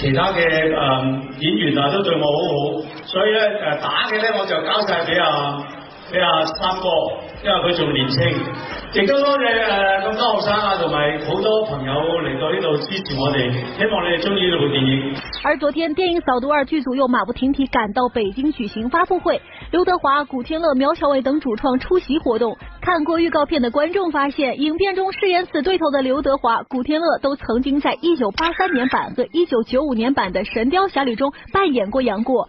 其他嘅誒演員啊，都對我好好，所以咧誒打嘅咧，我就交晒俾啊。你阿三哥，因為佢仲年輕，亦都多謝咁多、呃、學生啊，同埋好多朋友嚟到呢度支持我哋，希望你哋中意呢部電影。而昨天，電影《掃毒二》劇組又馬不停蹄趕到北京舉行發布會，劉德華、古天樂、苗僑偉等主創出席活動。看過預告片的觀眾發現，影片中飾演死對頭的劉德華、古天樂都曾經在一九八三年版和一九九五年版的《神雕俠侶》中扮演過楊過。